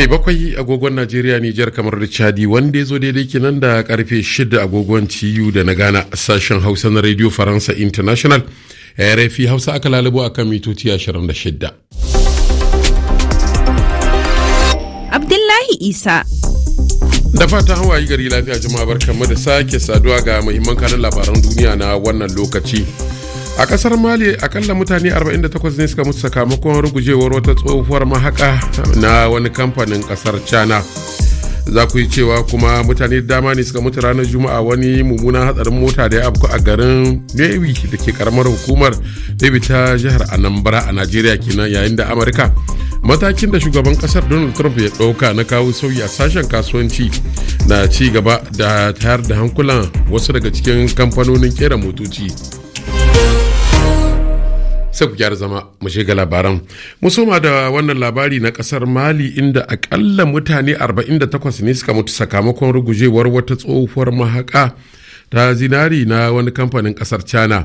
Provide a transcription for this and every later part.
karfe bakwai agogon najeriya nijar kamar da chadi wanda ya zo daidai kenan da karfe shida agogon TU da na gana sashen hausa na radio faransa international rfi hausa aka a kan mitoci ashirin da 26 abdullahi isa da hawa hawaye gari lafiya jama'a mu da sake saduwa ga muhimman kanun labaran duniya na wannan lokaci a kasar mali akalla mutane 48 ne suka mutu sakamakon rugujewar wata tsohuwar mahaka na wani kamfanin kasar china za ku yi cewa kuma mutane dama ne suka mutu ranar juma'a wani mummunan hatsarin mota da ya abu a garin newi da ke karamar hukumar david ta jihar anambra a najeriya kenan yayin da amurka matakin da shugaban kasar donald trump ya ɗauka na kawo sauyi a sashen kasuwanci na ci gaba da tayar da hankulan wasu daga cikin kamfanonin kera motoci sai ku gyara zama mu shiga labaran mu soma da wannan labari na kasar mali inda akalla mutane 48 ne suka mutu sakamakon rugujewar wata tsohuwar mahaka ta zinari na wani kamfanin kasar china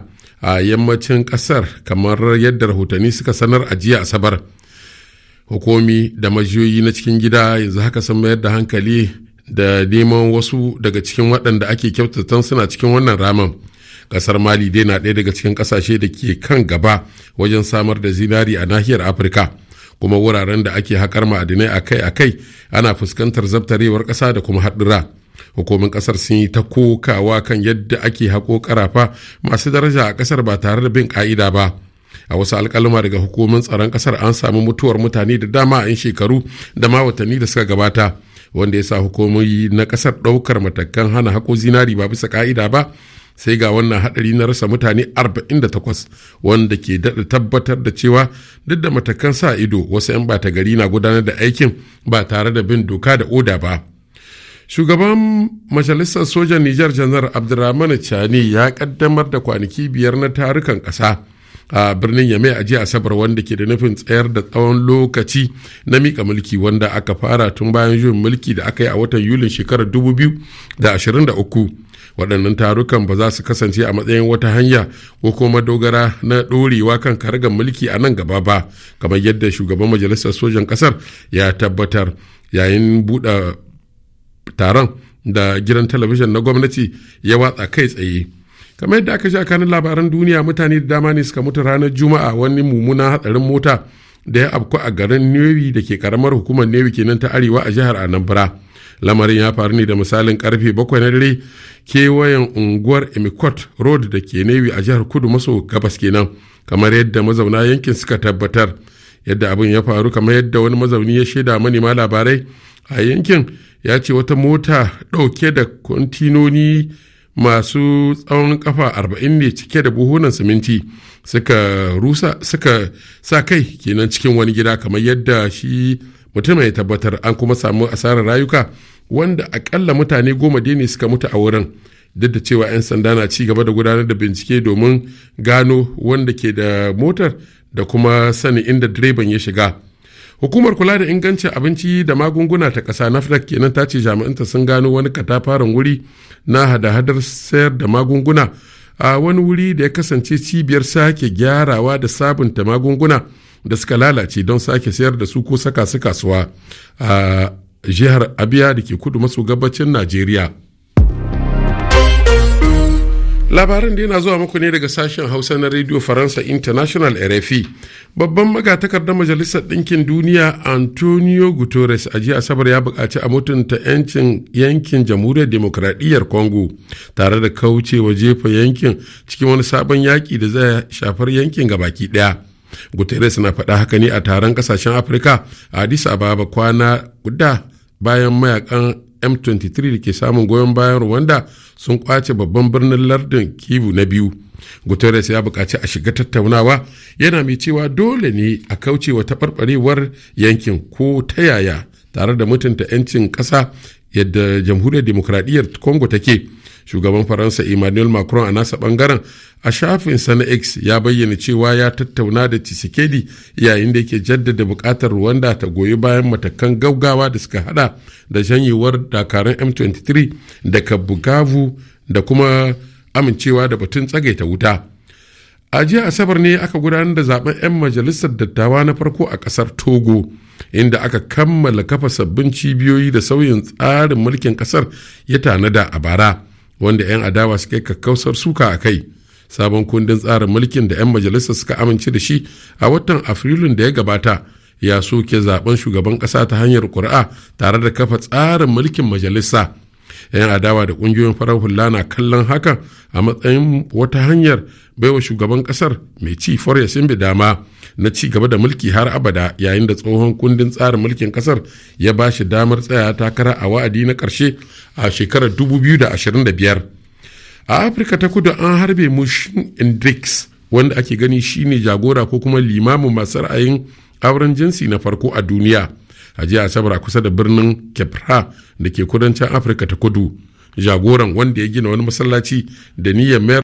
a yammacin kasar kamar yadda rahotanni suka sanar a jiya asabar hukumi da majiyoyi na cikin gida yanzu haka sun mayar da hankali da neman wasu daga cikin waɗanda ake kyautatan suna cikin wannan ramin kasar mali dai na daya daga cikin kasashe da ke kan gaba wajen samar da zinari a nahiyar afirka kuma wuraren da ake haƙar ma'adinai akai-akai ana fuskantar zabtarewar ƙasa da kuma haɗura hukumin ƙasar sun yi ta kokawa kan yadda ake haƙo ƙarafa masu daraja a ƙasar ba tare da bin ƙa'ida ba a wasu alkaluma daga hukumin tsaron ƙasar an samu mutuwar mutane da dama a 'yan shekaru da ma watanni da suka gabata wanda ya sa hukumomi na ƙasar ɗaukar matakan hana hako zinari ba bisa ƙa'ida ba sai ga wannan hadari na rasa mutane 48 wanda ke daɗa tabbatar da cewa duk da matakan sa ido wasu 'yan bata gari na gudanar da aikin ba tare da bin doka da oda ba shugaban majalisar sojan nijar janar abdulrahman chani ya kaddamar da kwanaki biyar na tarukan ƙasa a birnin yamai a jiya asabar wanda ke da nufin tsayar da tsawon lokaci na mika mulki wanda aka fara tun bayan juyin mulki da aka yi a watan yulin shekarar da da ashirin uku waɗannan tarukan ba za su kasance a matsayin wata hanya ko kuma dogara na ɗorewa kan kargan mulki a nan gaba ba kamar yadda shugaban majalisar sojan ƙasar ya tabbatar yayin buɗe taron da gidan talabijin na gwamnati ya watsa kai tsaye kamar yadda aka ji a kanin labaran duniya mutane da dama ne suka mutu ranar juma'a wani mummunan hatsarin mota da ya afku a garin newi da ke karamar hukumar newi kenan ta arewa a jihar anambra lamarin ya faru ne da misalin karfe bakwai na dare kewayen unguwar emicot road da ke newi a jihar kudu maso gabas kenan kamar yadda mazauna yankin suka tabbatar yadda abin ya faru kamar yadda wani mazauni ya shaida manema labarai a yankin ya ce wata mota dauke da kwantinoni masu tsawon kafa 40 ne cike da buhunan siminti suka rusa suka sa kai kenan cikin wani gida kamar yadda shi mutum ya tabbatar an kuma samu asarar rayuka wanda akalla mutane goma ne suka mutu a wurin duk da cewa 'yan sanda na ci gaba da gudanar da bincike domin gano wanda ke da motar da kuma sani inda direban ya shiga hukumar kula da ingancin abinci da magunguna ta ƙasa nafdac kenan ta ce jami'anta sun gano wani katafaren wuri na hada-hadar sayar da magunguna a wani wuri da ya kasance cibiyar sake gyarawa da sabunta magunguna da suka lalace don sake sayar da su ko saka su kasuwa a jihar abia da ke kudu maso gabacin najeriya labaran da yana zuwa muku ne daga sashen hausa na radio faransa international rfi babban magatakardar majalisar ɗinkin duniya antonio guterres a jiya asabar ya buƙaci a mutunta yancin yankin jamhuriyar demokradiyyar congo tare da kauce wa jefa yankin cikin wani sabon yaki da zai shafar yankin gabaki ɗaya guterres na faɗa haka ne a taron ƙasashen afirka a addis ababa kwana guda bayan mayakan m23 da ke samun goyon bayan rwanda sun kwace babban birnin lardin kivu na biyu guterres ya buƙaci a shiga tattaunawa yana mai cewa dole ne a kauce wa taɓarɓarewar yankin ko ta yaya tare da mutunta 'yancin ƙasa yadda jamhuriyar demokradiyyar congo take shugaban faransa emmanuel macron a nasa bangaren a shafinsa na x ya bayyana cewa ya tattauna da cisekedi yayin da yake jaddada bukatar rwanda ta goyi bayan matakan gaggawa da suka hada da janyewar dakarun m23 daga bugavu da kuma amincewa da batun tsagaita wuta a jiya asabar ne aka gudanar da zaben 'yan majalisar dattawa na farko a kasar togo inda aka kammala kafa sabbin cibiyoyi da sauyin tsarin mulkin kasar ya tanada a bara wanda 'yan adawa suka kakkausar suka a kai sabon kundin tsarin mulkin da 'yan majalisa suka amince da shi a watan afrilun da ya gabata ya soke zaben shugaban kasa ta hanyar ƙuri'a tare da kafa tsarin mulkin majalisa 'yan adawa da ƙungiyoyin farar hula na kallon hakan a matsayin wata hanyar baiwa shugaban kasar mai ci forya dama na ci gaba da mulki har abada yayin da tsohon kundin tsarin mulkin kasar ya ba shi damar tsaya takara a wa'adi na karshe a shekarar 2025 a afirka ta kudu an harbe mushin indrix wanda ake gani shine jagora ko kuma limamin masu ra'ayin auren jinsi na farko a duniya a jiya asabar a kusa da birnin kebra da ke kudancin afirka ta kudu jagoran wanda ya gina wani masallaci da niyyar